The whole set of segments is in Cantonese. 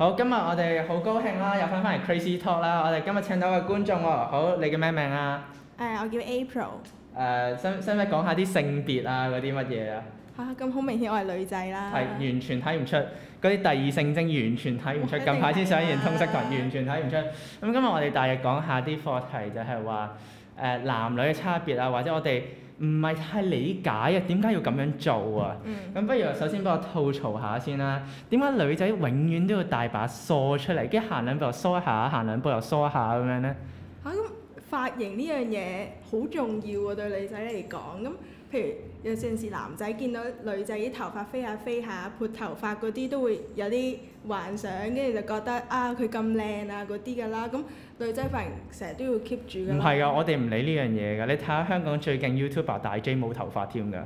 好，今日我哋好高興啦，又翻翻嚟 Crazy Talk 啦。我哋今日請到嘅觀眾喎，好，你、uh, 叫咩名、uh, 啊？誒，我叫 April。誒，想唔想講下啲性別啊嗰啲乜嘢啊？嚇，咁好明顯我係女仔啦。係，完全睇唔出，嗰啲第二性徵完全睇唔出。近排先上完通識堂，啊、完全睇唔出。咁、嗯、今日我哋大約講下啲課題就係、是、話，誒、呃、男女嘅差別啊，或者我哋。唔係太理解啊，點解要咁樣做啊？咁、嗯、不如首先幫我吐槽下先啦。點解、嗯、女仔永遠都要帶把梳出嚟，跟住行兩步又梳一下，行兩步又梳一下咁樣咧？嚇、啊！咁髮型呢樣嘢好重要啊，對女仔嚟講。咁譬如。有陣時男仔見到女仔啲頭髮飛下飛下，撥頭髮嗰啲都會有啲幻想，跟住就覺得啊佢咁靚啊嗰啲㗎啦，咁女仔反而成日都要 keep 住㗎。唔係啊，我哋唔理呢樣嘢㗎。你睇下香港最近 YouTuber 大 J 冇頭髮添㗎，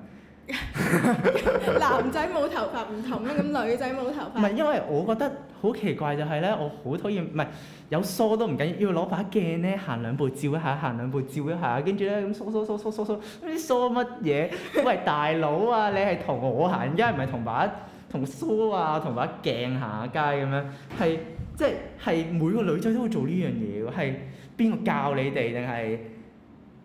男仔冇頭髮唔同咩？咁女仔冇頭髮。唔係因為我覺得。好奇怪就係咧，我好討厭，唔係有梳都唔緊要攞把鏡咧，行兩步照一下，行兩步照一下，跟住咧咁梳梳梳梳梳梳，啲梳乜嘢？ 喂大佬啊，你係同我行，而家唔係同把同梳啊，同把鏡行下街咁樣，係即係每個女仔都會做呢樣嘢喎，係邊個教你哋定係？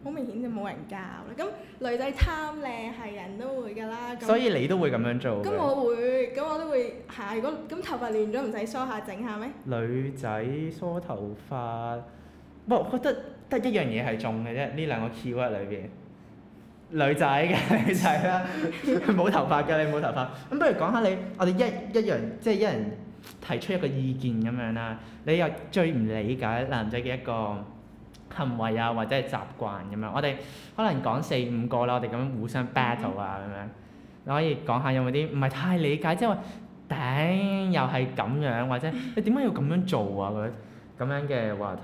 好明顯就冇人教啦，咁女仔貪靚係人都會㗎啦。所以你都會咁樣做。咁我會，咁我都會，係。如果咁頭髮亂咗，唔使梳下整下咩？女仔梳頭髮，我覺得得一樣嘢係重嘅啫，呢兩個 key word 裏邊。女仔嘅女仔啦，冇 頭髮嘅，你冇頭髮。咁不如講下你，我哋一一樣，即係、就是、一人提出一個意見咁樣啦。你又最唔理解男仔嘅一個？行為啊，或者係習慣咁樣，我哋可能講四五個啦，我哋咁樣互相 battle 啊咁樣，嗯、你可以講下有冇啲唔係太理解，即係話頂又係咁樣，或者你點解要咁樣做啊嗰啲咁樣嘅話題。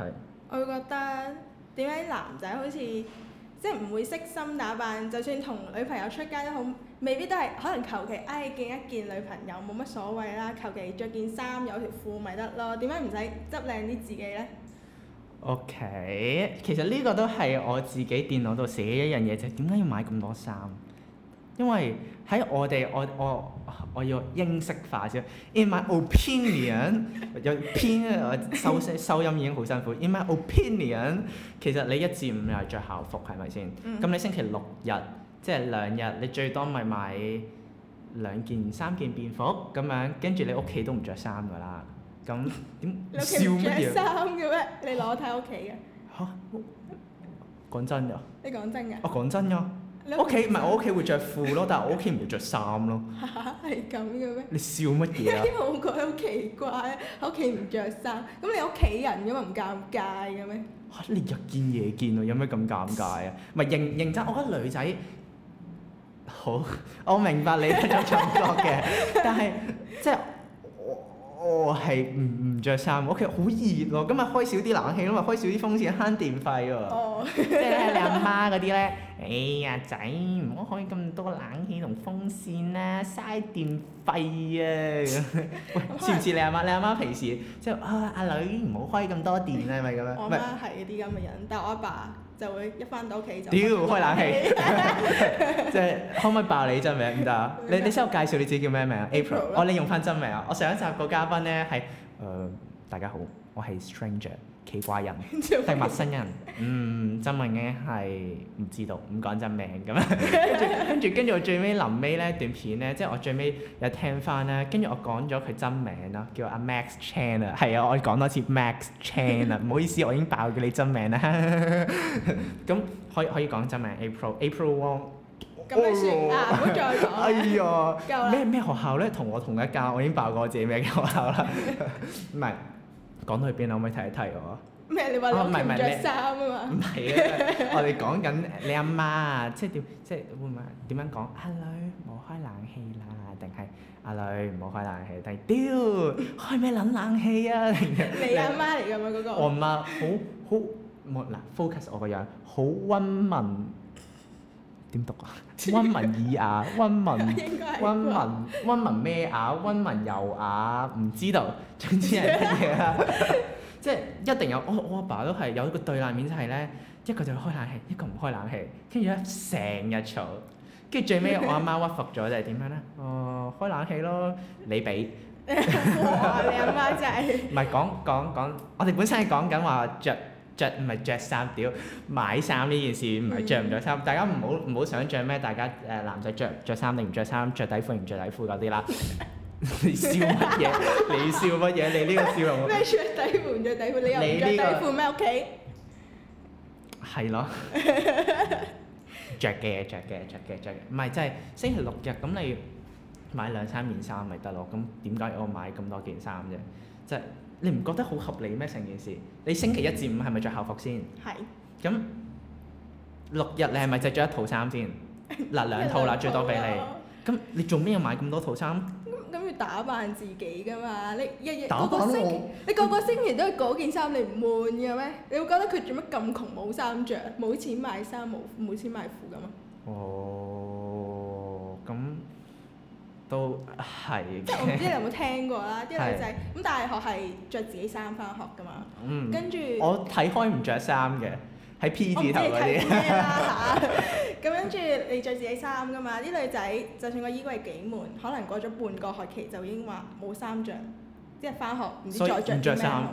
我會覺得點解男仔好似即係唔會悉心打扮，就算同女朋友出街都好，未必都係可能求其唉見一見女朋友冇乜所謂啦，求其着件衫有條褲咪得咯，點解唔使執靚啲自己呢？O.K.，其實呢個都係我自己電腦度寫一樣嘢，就點解要買咁多衫？因為喺我哋我我我要英式化少。In my opinion， 有偏收聲收音已經好辛苦。In my opinion，其實你一至五又係着校服，係咪先？咁、嗯、你星期六日即係兩日，你最多咪買兩件三件便服咁樣，跟住你屋企都唔着衫㗎啦。咁點笑咩嘢啊？你屋企着衫嘅咩？你攞睇屋企嘅。嚇？講真㗎。你講真㗎？哦，講真㗎。我屋企唔係我屋企會着褲咯，但係我屋企唔會着衫咯。嚇，係咁嘅咩？你笑乜嘢啊？因為我覺得好奇怪，喺屋企唔着衫，咁你屋企人嘅嘛唔尷尬嘅咩？嚇，你日見夜見喎，有咩咁尷尬啊？咪認認真，我覺得女仔好，我明白你呢種感覺嘅，但係即係。哦，係唔唔著衫，屋企好熱喎、啊。今日開少啲冷氣，吖嘛，開少啲風扇慳電費喎、啊。Oh. 即係你阿媽嗰啲咧，哎呀，仔唔好開咁多冷氣同風扇啦、啊，嘥電費啊！ 喂，似唔似你阿媽？你阿媽，媽平時即係啊阿女唔好開咁多電啊，係咪咁啊？我媽係啲咁嘅人，但係我阿爸，爸。就會一翻到屋企就屌，開冷氣，即係、這個 şey、可唔可以爆你真名？唔得啊！你你先，我介紹你自己叫咩名啊？April。我你用翻真名啊、да. no！我上一集個嘉賓咧係，誒、呃，大家好，我係 Stranger。奇怪人定陌生人？嗯，真名咧係唔知道，唔講真名咁樣。跟住跟住跟住我最尾臨尾咧段片咧，即係我最尾有聽翻啦。跟住我講咗佢真名啦，叫阿 Max Chan。係啊，我講多次 Max Chan 啦，唔好意思，我已經爆咗你真名啦。咁可以可以講真名 April April Wong。咁你先，唔好再講。哎呀，咩咩學校咧？同我同一間，我已經爆過自己名嘅學校啦。唔係。講到去邊可唔可以提一提我。咩？你話你唔着衫啊嘛？唔係啊！我哋講緊你阿媽即係點？即係會唔會點樣講？阿、啊、女唔好開冷氣啦，定係阿女唔好開冷氣？定係屌開咩冷冷氣啊？ 你阿媽嚟㗎嘛？嗰個。我阿媽，好好冇嗱，focus 我個樣好溫文。點讀啊？温文爾雅，温文，温文，温文咩雅？温文柔雅，唔知道總之係乜嘢啦。即係、 就是、一定有我，我阿爸,爸都係有個對立面、就是，就係咧一個就開冷氣，一個唔開冷氣，跟住咧成日嘈，跟住最尾我阿媽,媽屈服咗，就係點樣咧？哦，開冷氣咯，你俾 。你阿媽就係。唔係講講講，我哋本身係講緊話着。着唔係着衫屌，買衫呢件事唔係着唔着衫，大家唔好唔好想像咩？大家誒，男仔着着衫定唔着衫，着底褲定唔着底褲嗰啲啦。你笑乜嘢？你笑乜嘢？你呢個笑用咩？着底褲，着底褲，你有冇着底褲咩？屋企？係咯。着嘅，着嘅，着嘅，着嘅，唔係即係星期六日咁，你買兩三件衫咪得咯。咁點解我買咁多件衫啫？即係。你唔覺得好合理咩？成件事，你星期一至五係咪着校服先？係是。咁、嗯、六日你係咪製咗一套衫先？嗱 兩套啦，最多俾你。咁 你做咩要買咁多套衫？咁要打扮自己噶嘛？你日日個個星期，你個個星期都係嗰件衫，你唔悶嘅咩？你會覺得佢做乜咁窮，冇衫着，冇錢買衫，冇冇錢買褲咁嘛。哦。都係，即係我唔知你有冇聽過啦。啲女仔咁的大學係着自己衫翻學㗎嘛，嗯、跟住着我睇開唔着衫嘅喺 P T 嗰啲。我唔知你睇咩啦嚇？咁跟住你着自己衫㗎嘛。啲女仔就算個衣櫃幾滿，可能過咗半個學期就已經話冇衫着，即係翻學唔知再着咩。所以唔著衫。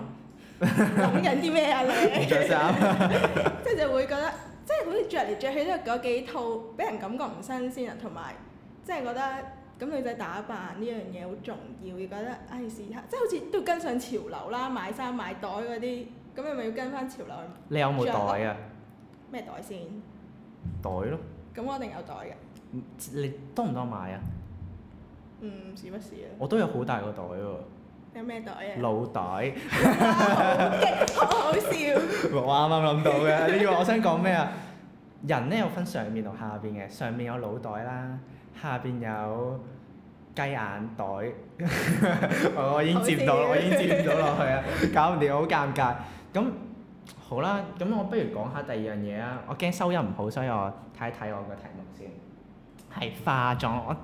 諗緊啲咩啊，着啊你？唔著衫，即係 就會覺得即係好似着嚟着去都係嗰幾套，俾人感覺唔新鮮啊，同埋即係覺得。咁女仔打扮呢樣嘢好重要，要覺得唉時刻即係好似都要跟上潮流啦，買衫買袋嗰啲，咁你咪要跟翻潮流。你、嗯嗯嗯、有冇袋啊？咩袋先？袋咯。咁我一定有袋㗎。你多唔多買啊？嗯，是不是啊？我都有好大個袋喎。有咩袋啊？腦袋。好 好笑。 我啱啱諗到嘅，你以為我想講咩啊？人咧有分上面同下邊嘅，上面有腦袋啦。下邊有雞眼袋， 我已經接唔到， 我已經接唔到落去啊！ 搞唔掂，好尷尬。咁好啦，咁我不如講下第二樣嘢啊！我驚收音唔好，所以我睇一睇我個題目先。係化妝，我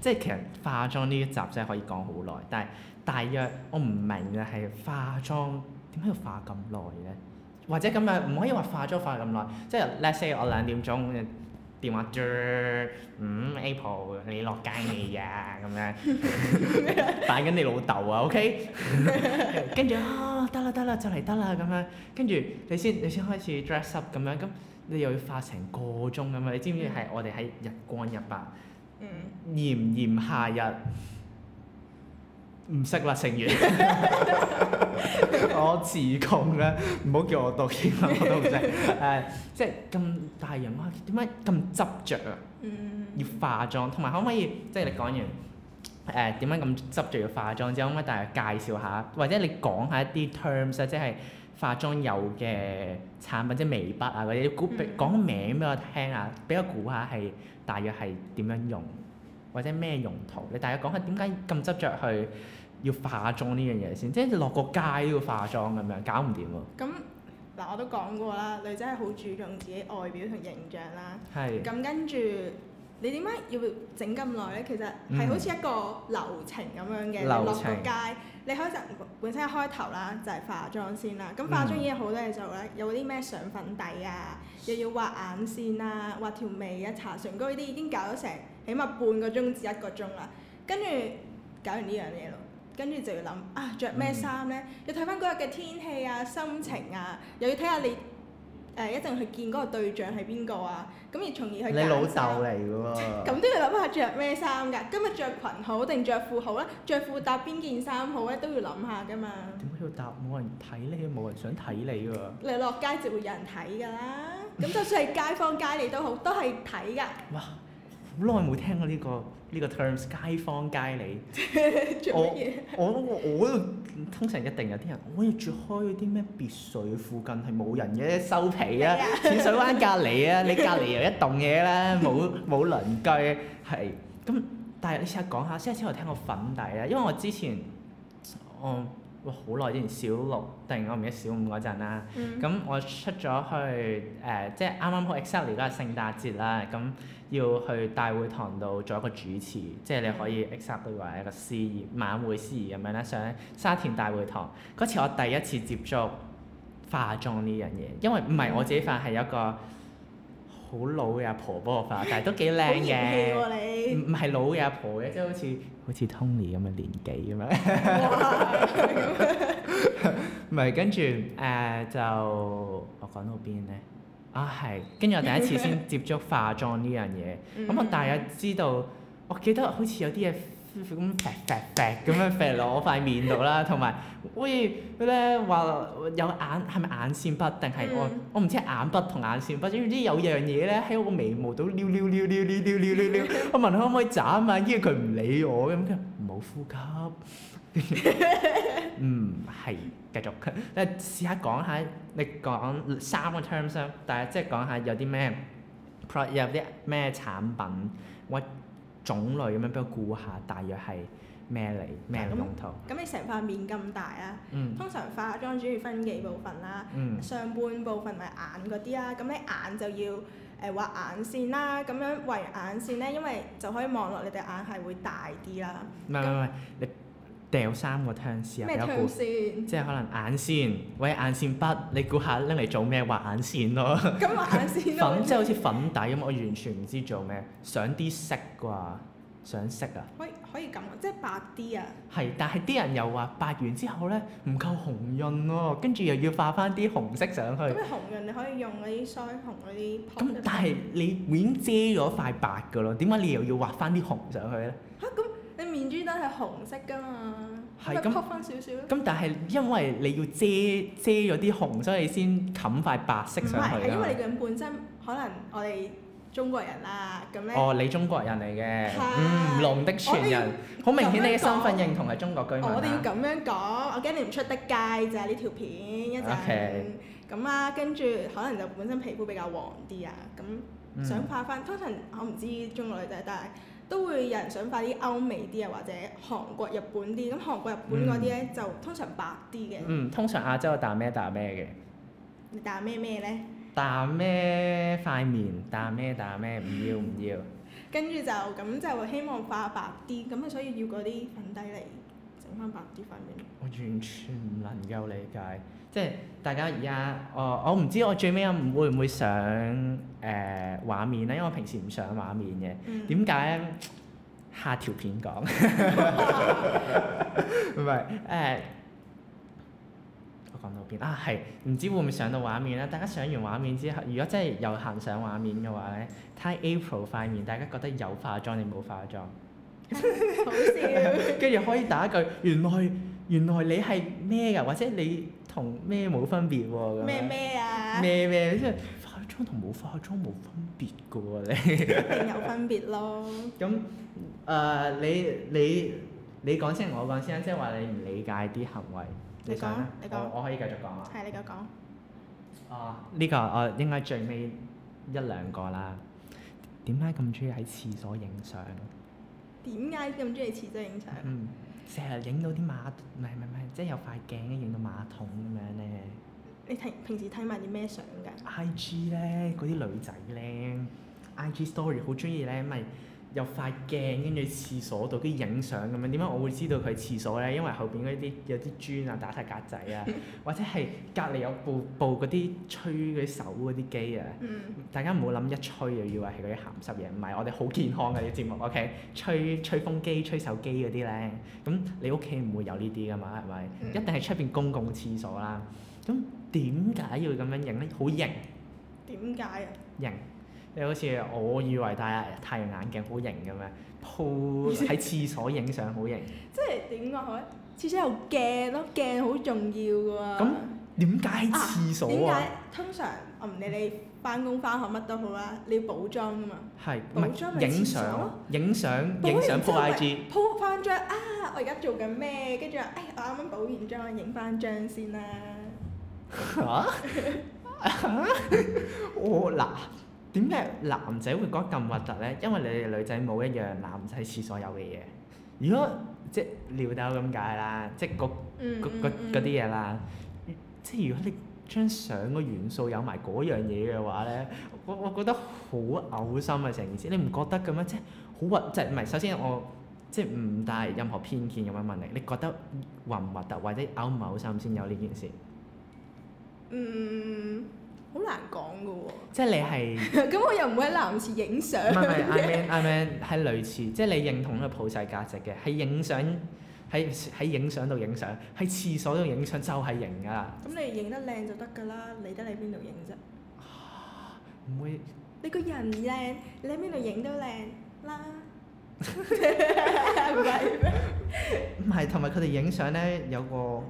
即係其實化妝呢一集真係可以講好耐，但係大約我唔明嘅係化妝點解要化咁耐咧？或者咁樣，唔可以話化妝化咁耐，即係 let's say 我兩點鐘。電話著，嗯，Apple，你落街未呀？咁樣，扮緊你老豆啊，OK？跟住啊，得啦得啦，就嚟得啦咁樣，跟住你先你先開始 dress up 咁樣，咁你又要化成個鐘咁樣？你知唔知係我哋喺日光日白，炎炎、嗯、夏日。唔識啦，成員， 我自控啦，唔好 叫我讀英文我都唔識。誒、uh，即係咁大人，我點解咁執着？啊、嗯？要化妝，同埋可唔可以，即係你講完誒點解咁執着要化妝之後，可唔可以大約介紹下，或者你講下一啲 terms 即係化妝有嘅產品，嗯、即係眉筆啊或者你估講個名俾我聽啊，俾我估下係大約係點樣用？或者咩用途？你大家講下點解咁執着去要化妝呢樣嘢先？即係落個街都要化妝咁樣，搞唔掂喎。咁嗱，我都講過啦，女仔係好注重自己外表同形象啦。係。咁跟住你點解要整咁耐咧？其實係好似一個流程咁樣嘅。流程、嗯、落個街，你開頭本身一開頭啦，就係化妝先啦。咁化妝已經好多嘢做咧，嗯、有啲咩上粉底啊，又要畫眼線啊，畫條眉啊，搽唇膏呢啲，已經搞咗成起碼半個鐘至一個鐘啦，跟住搞完呢樣嘢咯，跟住就要諗啊着咩衫咧？呢，嗯、要睇翻嗰日嘅天氣啊、心情啊，又要睇下你誒一定去見嗰個對象係邊個啊？咁而從而去揀衫。你老竇嚟嘅喎。咁都要諗下着咩衫㗎？今日着裙好定着褲好咧？着褲搭邊件衫好咧？都要諗下㗎嘛。點解要搭冇人睇咧？冇人想睇你㗎、啊？你落街就會有人睇㗎啦。咁 就算係街坊街里都好，都係睇㗎。哇！ 好耐冇聽過呢個呢個 terms，街坊街里。 麼我我我，我通常一定有啲人我要住開啲咩別墅附近係冇人嘅，收皮啊！ 淺水灣隔離 啊，你隔離又一棟嘢啦，冇冇鄰居係咁。但係你試下講下，先先我聽個粉底啊，因為我之前，好耐之前小六，定我唔記得小五嗰陣啦。咁、嗯、我出咗去誒、呃，即係啱啱好 exactly 嗰個聖誕節啦。咁要去大會堂度做一個主持，嗯、即係你可以 exactly 話一個司儀晚會司儀咁樣啦。上沙田大會堂嗰次我第一次接觸化妝呢樣嘢，因為唔係我自己化，係一個好老嘅阿婆幫我化，但係都幾靚嘅。唔唔係老嘅阿婆嘅，即係 好似～好似 Tony 咁嘅年紀咁樣 哇，唔係，跟住誒就我講到邊呢？啊係，跟住我第一次先接觸化妝呢樣嘢，咁 我大約知道，我記得好似有啲嘢。咁撇撇撇咁樣撇落我塊面度啦，同埋，喂，佢咧話有眼係咪眼線筆定係我我唔知係眼筆同眼線筆，總之有樣嘢咧喺我個眉毛度撩撩撩撩撩撩撩撩，我問可唔可以眨啊，跟住佢唔理我咁，佢唔好呼吸，唔係繼續，即係你試下講下，你講三個 terms 先，但係即係講下有啲咩，Pro 有啲咩產品，我。種類咁樣俾我估下，大約係咩嚟？咩用途？咁、嗯、你成塊面咁大啊。嗯、通常化妝主要分幾部分啦、啊。嗯、上半部分咪眼嗰啲啦，咁你眼就要誒、呃、畫眼線啦、啊。咁樣畫完眼線咧，因為就可以望落你對眼係會大啲啦。唔係掉三個塗線啊！即係可能眼線，或者眼線筆，你估下拎嚟做咩？畫眼線咯。咁眼線咯。粉即係好似粉底咁，我完全唔知做咩，上啲色啩，上色啊？可以可以咁，即係白啲啊？係，但係啲人又話白完之後咧唔夠紅潤喎，跟住又要畫翻啲紅色上去。咁紅潤你可以用嗰啲腮紅嗰啲。咁但係你已經遮咗塊白㗎咯，點解、嗯、你又要畫翻啲紅上去咧？嚇咁、啊？面珠都係紅色噶嘛、啊，咁 pop 翻少少。咁但係因為你要遮遮咗啲紅，所以先冚塊白色上去。唔係，係因為你咁本身可能我哋中國人啦，咁咧。哦，你中國人嚟嘅，是嗯，龍的傳人，好的明顯你嘅身份認同係中國居民我。我哋要咁樣講，我驚你唔出得街就係呢條片一陣。O K。咁啊，跟住可能就本身皮膚比較黃啲啊，咁想化翻。嗯、通常我唔知中國女仔，但係。都會有人想化啲歐美啲啊，或者韓國、日本啲。咁韓國、日本嗰啲咧就通常白啲嘅。嗯，通常亞洲打咩打咩嘅？你打咩咩咧？打咩塊面？打咩打咩？唔要唔要。要 跟住就咁就希望化白啲，咁啊所以要嗰啲粉底嚟。整翻白啲塊面。我完全唔能夠理解，即係大家而家，我我唔知我最尾會唔會上誒、呃、畫面咧，因為我平時唔上畫面嘅。點解、嗯、下條片講，唔係誒。我講到邊啊？係唔知會唔會上到畫面咧？大家上完畫面之後，如果真係又行上畫面嘅話咧，睇 April 塊面，大家覺得有化妝定冇化妝？好笑，跟住可以打一句原來原來你係咩噶，或者你同咩冇分別喎咩咩啊？咩咩即係化咗妝同冇化咗妝冇分別噶喎你。一定有分別咯。咁誒你你你講先，我講先啦，即係話你唔理解啲行為，你講講你講我你講我，我可以繼續講啊。係你繼續講。啊呢、哦呢個我應該最尾一兩個啦。點解咁中意喺廁所影相？點解咁中意廁仔影相？嗯，成日影到啲馬，唔係唔係唔係，即係有塊鏡影到馬桶咁樣咧。你睇，平時睇埋啲咩相㗎？I G 咧，嗰啲女仔咧，I G story 好中意咧，咪～有塊鏡跟住廁所度，啲影相咁樣。點解我會知道佢係廁所咧？因為後邊嗰啲有啲磚啊、打晒格仔啊， 或者係隔離有部部嗰啲吹嗰啲手嗰啲機啊。 大家唔好諗一吹就以為係嗰啲鹹濕嘢，唔係，我哋好健康嘅啲 節目，OK？吹吹風機、吹手機嗰啲咧，咁你屋企唔會有呢啲噶嘛？係咪？ 一定係出邊公共廁所啦。咁點解要咁樣影咧？好型。點解啊？型。你好似我以為戴太陽眼鏡好型，噉樣 po 喺廁所影相好型。 即係點講好咧？廁所有鏡咯，鏡好重要嘅喎、啊。咁點解喺廁所點解？通常我唔理你翻工翻學乜都好啦，你要補妝㗎嘛？係，唔係影相？影相？影相 po IG po 翻張啊！我而家做緊咩？跟住話誒，我啱啱補完妝，影翻張先啦。嚇我嗱。點解男仔會覺得咁核突咧？因為你哋女仔冇一樣男仔廁所有嘅嘢。如果即係尿兜咁解啦，即係嗰啲嘢啦。即係、嗯、如果你張相個元素有埋嗰樣嘢嘅話咧，我我覺得好嘔心啊！成件事你唔覺得嘅咩？即係好核，即係唔係？首先我即係唔帶任何偏見咁樣問你，你覺得核唔核突，或者嘔唔嘔心先有呢件事？嗯。好難講嘅喎，即係你係咁，我又唔會喺男廁影相。唔係 I mean I mean, 係類似，即係你認同呢個普世價值嘅，係影相喺喺影相度影相，喺廁所度影相就係型㗎啦。咁、嗯、你影得靚就得㗎啦，理得你邊度影啫。唔、啊、會你個人靚，你喺邊度影都靚啦。唔係同埋佢哋影相咧，有個好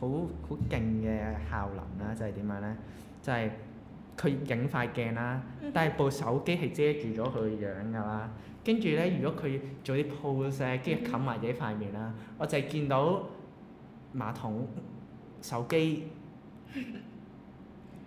好好勁嘅效能啦，就係、是、點樣咧？就係佢影塊鏡啦，但係部手機係遮住咗佢樣噶啦。跟住咧，如果佢做啲 pose 跟住冚埋自己塊面啦，嗯嗯我就係見到馬桶、手機、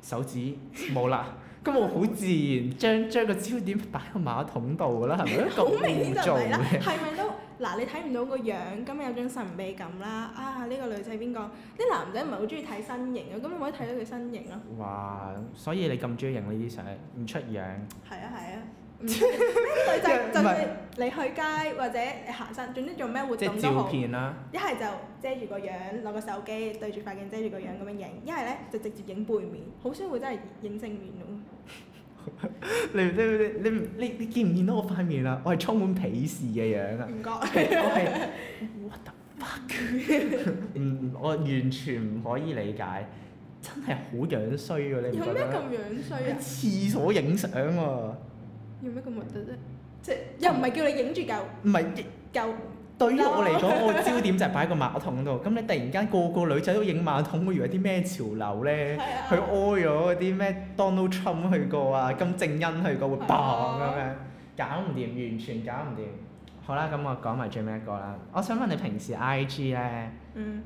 手指冇啦。咁 我好自然將將個焦點擺喺馬桶度噶啦，係咪？咁污糟嘅。係咪都？嗱，你睇唔到個樣，咁有種神秘感啦。啊，呢、呢個女仔邊個？啲男仔唔係好中意睇身形啊，咁可唔可以睇到佢身形咯？哇，所以你咁中意影呢啲相，唔出樣。係啊係啊，咩女仔就算 是你去街或者你行山，總之做咩活動都好。一係、啊、就遮住個樣，攞個手機對住塊鏡遮住個樣咁樣影，一係咧就直接影背面，好少會真係影正面喎。 你你你你你見唔見到我塊面啊？我係充滿鄙視嘅樣啊！唔覺謝謝， 我係 what the fuck 嗯， 我完全唔可以理解，真係好樣衰㗎！你有咩咁樣衰啊？廁所影相喎，有咩咁核突啫？即係又唔係叫你影住狗？唔係狗。夠對於我嚟講，no, okay. 我焦點就係擺喺個馬桶度。咁你突然間個個女仔都影馬桶，會以為啲咩潮流咧？佢哀咗嗰啲咩 Donald Trump 去過啊，金正恩去過，會爆 a 咁樣，搞唔掂，完全搞唔掂。好啦，咁我講埋最尾一個啦。我想問你平時 IG 咧，mm.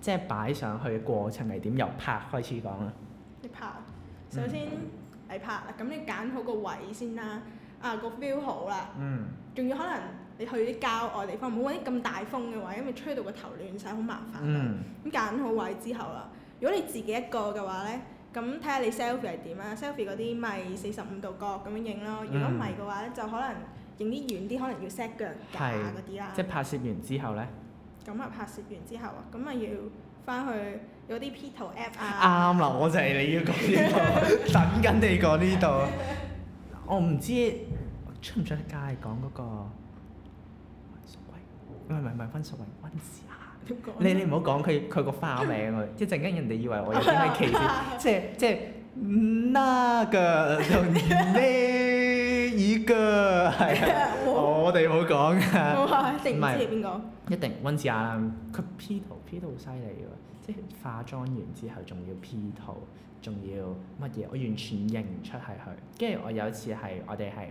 即係擺上去嘅過程係點？由拍開始講啊。你拍，首先，mm. 你拍啦。咁你揀好個位先啦。啊，個 feel 好啦。嗯。仲要可能。你去啲郊外地方，唔好揾啲咁大風嘅位，因為吹到個頭亂晒，好麻煩。咁揀、嗯、好位之後啦，如果你自己一個嘅話咧，咁睇下你 selfie 係點啦，selfie 嗰啲咪四十五度角咁樣影咯。如果唔係嘅話咧，就可能影啲遠啲，可能要 set 腳架啲啦。即係、就是、拍攝完之後咧？咁啊，拍攝完之後啊，咁啊要翻去有啲 P 圖 app 啊。啱啦，我就係你要講呢度， 等緊你講呢度。啊。 我唔知出唔出街講嗰、那個？唔係唔係，温淑慧，温思雅，點講？你你唔好講佢佢個花名佢，一陣間人哋以為我有啲咩歧視，即即拉腳又呢呢腳，係啊！我哋冇好講啊，唔係，一定唔知係邊個？一定温思雅，佢 P 圖 P 到好犀利喎，即係化妝完之後仲要 P 圖，仲要乜嘢？我完全認唔出係佢。跟住我有一次係我哋係。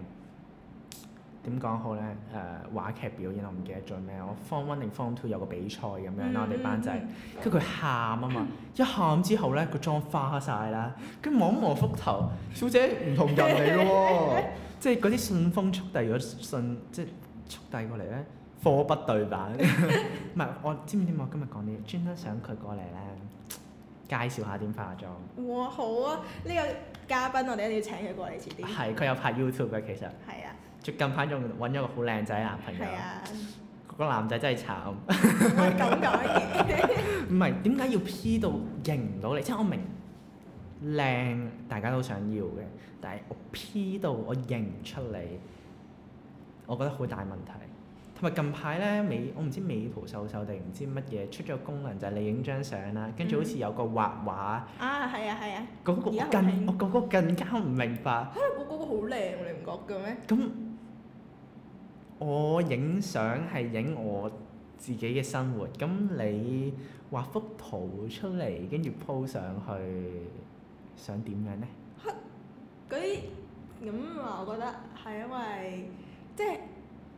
點講好咧？誒話劇表演我唔記得做咩，我 form one 定 form two 有個比賽咁樣啦，我哋班仔係跟佢喊啊嘛，一喊之後咧個妝花晒啦，跟住摸一磨幅頭，小姐唔同人嚟咯喎，即係嗰啲信封速遞咗信，即係速遞過嚟咧貨不對版。唔係我知唔知點我今日講啲，專登想佢過嚟咧介紹下點化妝。哇好啊，呢個嘉賓我哋一定要請佢過嚟，遲啲係佢有拍 YouTube 嘅其實。係啊。最近排仲揾咗個好靚仔男朋友，啊、個男仔真係慘。唔係咁，唔係點解要 P 到認唔到你？嗯、即係我明靚大家都想要嘅，但係我 P 到我認唔出你，我覺得好大問題。同埋近排咧美我唔知美圖秀秀定唔知乜嘢出咗個功能，就係、係、你影張相啦，跟住好似有個畫畫。嗯、啊，係啊，係啊。嗰、嗰個、個更我嗰個更加唔明白。我嗰、啊嗰個好靚，你唔覺嘅咩？咁那。嗯我影相係影我自己嘅生活，咁你畫幅圖出嚟跟住 po 上去，想點樣咧？嗰啲咁話，我覺得係因為即係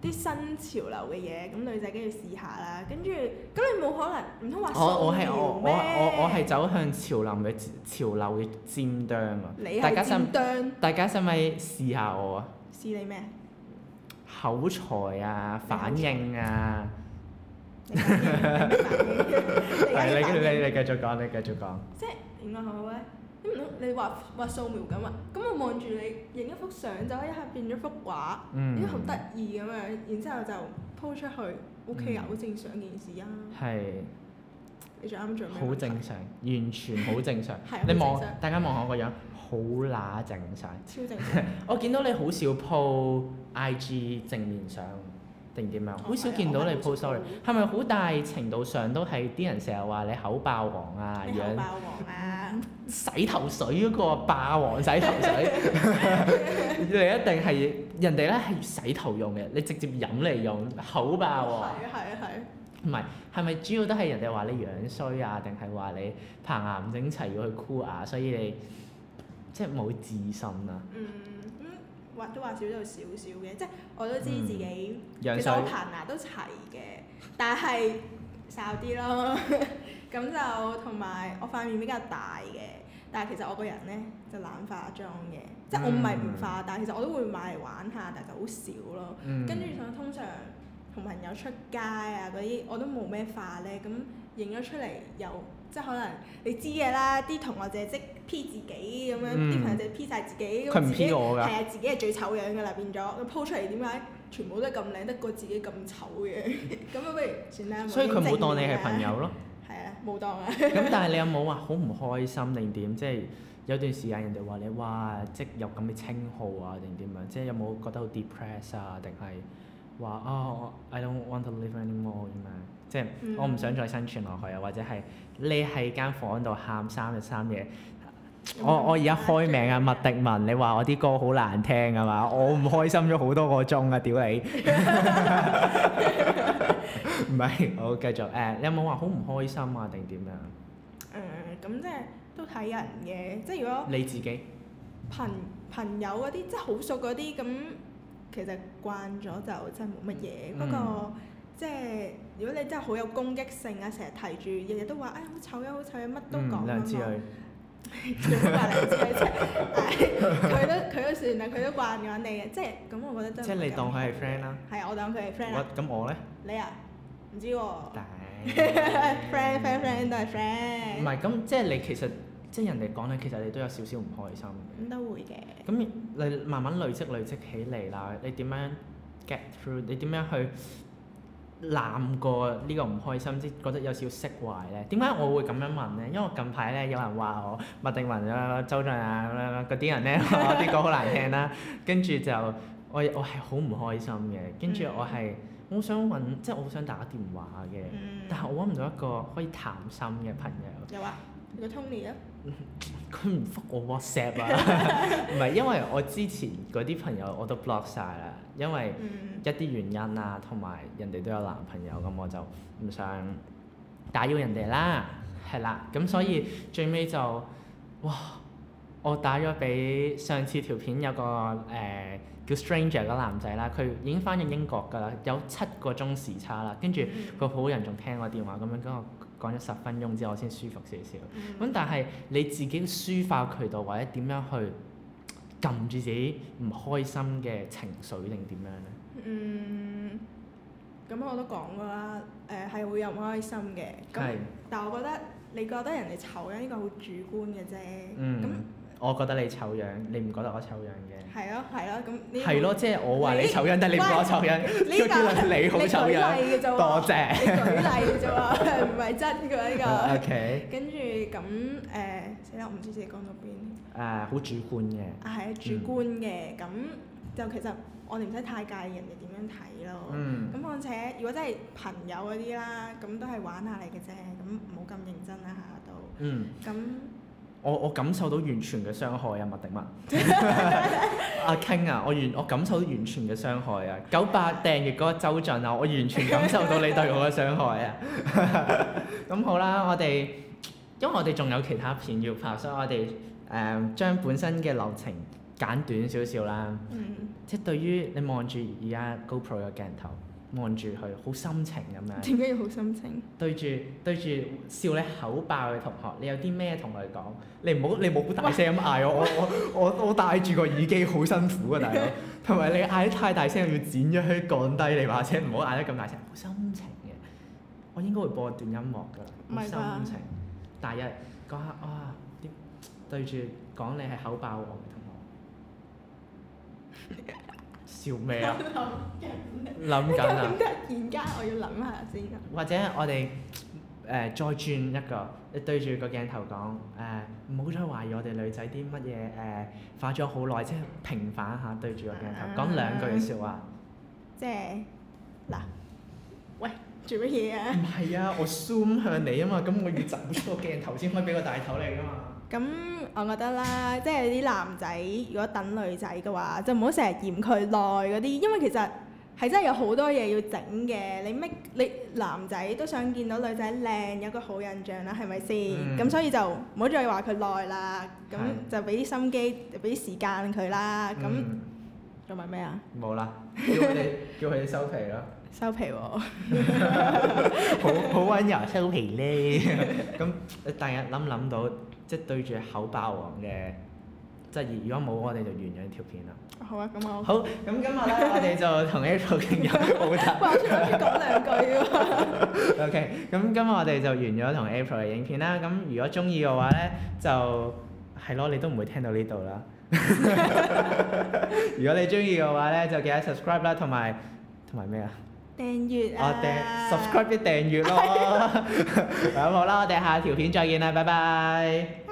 啲新潮流嘅嘢，咁女仔梗要試下啦。跟住咁你冇可能唔通畫衰嘅圖咩？我我係嗎走向潮流嘅潮流嘅尖端啊！大家想唔？大家使唔使試下我啊？試你咩？口才啊，反應啊，你啊 你、啊、 你繼續講，你繼續講。即係點講好咧？你唔、啊、你畫畫素描咁、嗯、啊？咁我望住你影一幅相，就一下變咗幅畫，依家好得意咁樣，然之後就 po 出去，OK 啊，好正常一件事啊。係。好正常，完全好正常。你望大家望下我個樣，好乸正常。超正常。看看我見 到你好少 po IG 正面相定點樣？好 是少見到你 po Sorry，係咪好大程度上都係啲人成日話你口霸王啊樣？口霸王啊！霸王啊 洗頭水嗰個霸王洗頭水， 你一定係人哋咧係洗頭用嘅，你直接飲嚟用，口霸王。係啊係啊係。唔係，係咪主要都係人哋話你樣衰啊？定係話你棚牙唔整齊要去箍牙，啊，所以你即係冇自信啊？嗯，嗯，話都話少咗少少嘅，即係我都知自己、嗯、其實我棚牙都齊嘅，但係少啲咯。咁 就同埋我塊面比較大嘅，但係其實我個人咧就懶化妝嘅，即係我唔係唔化，嗯、但係其實我都會買嚟玩下，但係就好少咯。嗯、跟住想通常。同朋友出街啊嗰啲，我都冇咩化咧，咁影咗出嚟又即係可能你知嘅啦，啲同學就即 P 自己咁樣，啲朋友就 P 晒自己咁自己係己啊，自己係最醜樣噶啦，變咗咁 po 出嚟，點解全部都係咁靚，得過自己咁醜樣？咁 不如算啦。所以佢冇當你係朋友咯。係啊，冇當啊。咁 但係你有冇話好唔開心定點？即係、就是、有段時間人哋話你哇，即有咁嘅稱號啊定點樣？即係、就是、有冇覺得好 depress 啊？定係？話啊、oh、I don't want to live anymore 咁樣，即係、嗯、我唔想再生存落去啊，或者係你喺間房度喊三日三夜。嗯、我、嗯、我而家開名啊麥迪文，你話我啲歌好難聽係嘛？我唔開心咗好多個鐘啊！屌你！唔係，我繼續誒、啊，你有冇話好唔開心啊？定點樣？誒咁即係都睇人嘅，即係如果你自己，朋朋友嗰啲即係好熟嗰啲咁。其實慣咗就真係冇乜嘢，不過即係如果你真係好有攻擊性啊，成日提住日日都話，哎，好醜啊好醜啊乜都講啊嘛，全部話梁佢都佢都算啦，佢都慣咗你嘅。即係咁我覺得真係。即係你當佢係 friend 啦。係我當佢係 friend 啊。咁我咧？你啊？唔知喎。friend friend friend 都係 friend。唔係咁，即係你其實。即係人哋講咧，其實你都有少少唔開心嘅。咁都會嘅。咁你慢慢累積累積起嚟啦，你點樣 get through？你點樣去攬過呢個唔開心即覺得有少少釋懷咧？點解我會咁樣問咧？因為近排咧，有人話我麥定雲啊、周俊啊咁樣嗰啲人咧，啲歌好難聽啦，跟住 就我我係好唔開心嘅。跟住我係我好想問，嗯、即係我好想打電話嘅，嗯、但係我揾唔到一個可以談心嘅朋友。有啊，個 Tony 啊。佢唔覆我 WhatsApp 啊？唔係，因為我之前嗰啲朋友我都 block 晒啦，因為一啲原因啊，同埋人哋都有男朋友，咁我就唔想打擾人哋啦，係啦，咁所以最尾就哇，我打咗俾上次條片有個誒、呃、叫 Stranger 個男仔啦，佢已經返咗英國㗎啦，有七個鐘時差啦，跟住個普通人仲聽我電話咁樣嗰個。講咗十分鐘之後，我先舒服少少。咁、嗯、但係你自己抒發渠道或者點樣去撳住自己唔開心嘅情緒，定點樣咧？嗯，咁我都講過啦。誒係會有唔開心嘅。咁，是但係我覺得你覺得人哋醜，因為呢個好主觀嘅啫。嗯。咁。我覺得你醜樣，你唔覺得我醜樣嘅？係咯，係咯，咁你係咯，即係我話你醜樣，但係你唔覺得我醜樣，呢個你好醜樣。你舉例嘅啫，多謝。你舉例嘅啫唔係真嘅呢個。OK。跟住咁誒，死啦！我唔知自己講到邊。誒，好主觀嘅。係啊，主觀嘅。咁就其實我哋唔使太介意人哋點樣睇咯。嗯。咁況且，如果真係朋友嗰啲啦，咁都係玩下嚟嘅啫，咁唔好咁認真啦下下都。咁。我我感受到完全嘅傷害啊，麥迪文啊 King 啊，我完我感受到完全嘅傷害啊，九八訂閱嗰個周俊啊，我完全感受到你對我嘅傷害啊。咁 好啦，我哋因為我哋仲有其他片要拍，所以我哋誒、呃、將本身嘅流程簡短少少啦。嗯、即係對於你望住而家 GoPro 嘅鏡頭。望住佢，好深情咁樣。點解要好深情？對住對住笑你口爆嘅同學，你有啲咩同佢講？你唔好你冇大聲咁嗌我,喂我，我我我戴住個耳機好辛苦啊，大佬。同埋 你嗌得太大聲，要剪咗佢，降低你把聲，唔好嗌得咁大聲。好深情嘅，我應該會播一段音樂噶，好深情。第的日講下哇，啲對住講你係口爆我嘅同學。 笑咩啊？諗緊啊！點解？而家我要諗下先。或者我哋誒、呃、再轉一個，對住個鏡頭講誒，唔、呃、好再懷疑我哋女仔啲乜嘢誒，化咗好耐，即係平反下對住個鏡頭講、啊、兩句嘅笑話。啊、即係嗱、啊，喂，做乜嘢啊？唔係啊，我 zoom 向你啊嘛，咁 我要走出個鏡頭先可以俾個大頭你噶嘛。咁我覺得啦，即係啲男仔如果等女仔嘅話，就唔好成日嫌佢耐嗰啲，因為其實係真係有好多嘢要整嘅。你乜你男仔都想見到女仔靚，有個好印象啦，係咪先？咁、嗯、所以就唔好再話佢耐啦。咁就俾啲心機，俾啲的時間佢啦。咁仲埋咩啊？冇啦、嗯，叫佢哋 收皮咯。收皮喎、哦， 好好温柔，收皮咧。咁你第日諗諗到。即係對住口霸王嘅質疑，如果冇我哋就完咗條片啦。好啊，咁我好。好，咁 今日咧我哋就同 April 影咗個報答。講兩句喎。OK，咁今日我哋就完咗同 April 嘅影片啦。咁如果鍾意嘅話咧，就係咯，你都唔會聽到呢度啦。 如果你鍾意嘅話咧，就記得 subscribe 啦，同埋同埋咩啊？訂閱啊！subscribe 啲、哦、訂閱咯～咁、 嗯、好啦，我哋下條片再見啦，拜拜！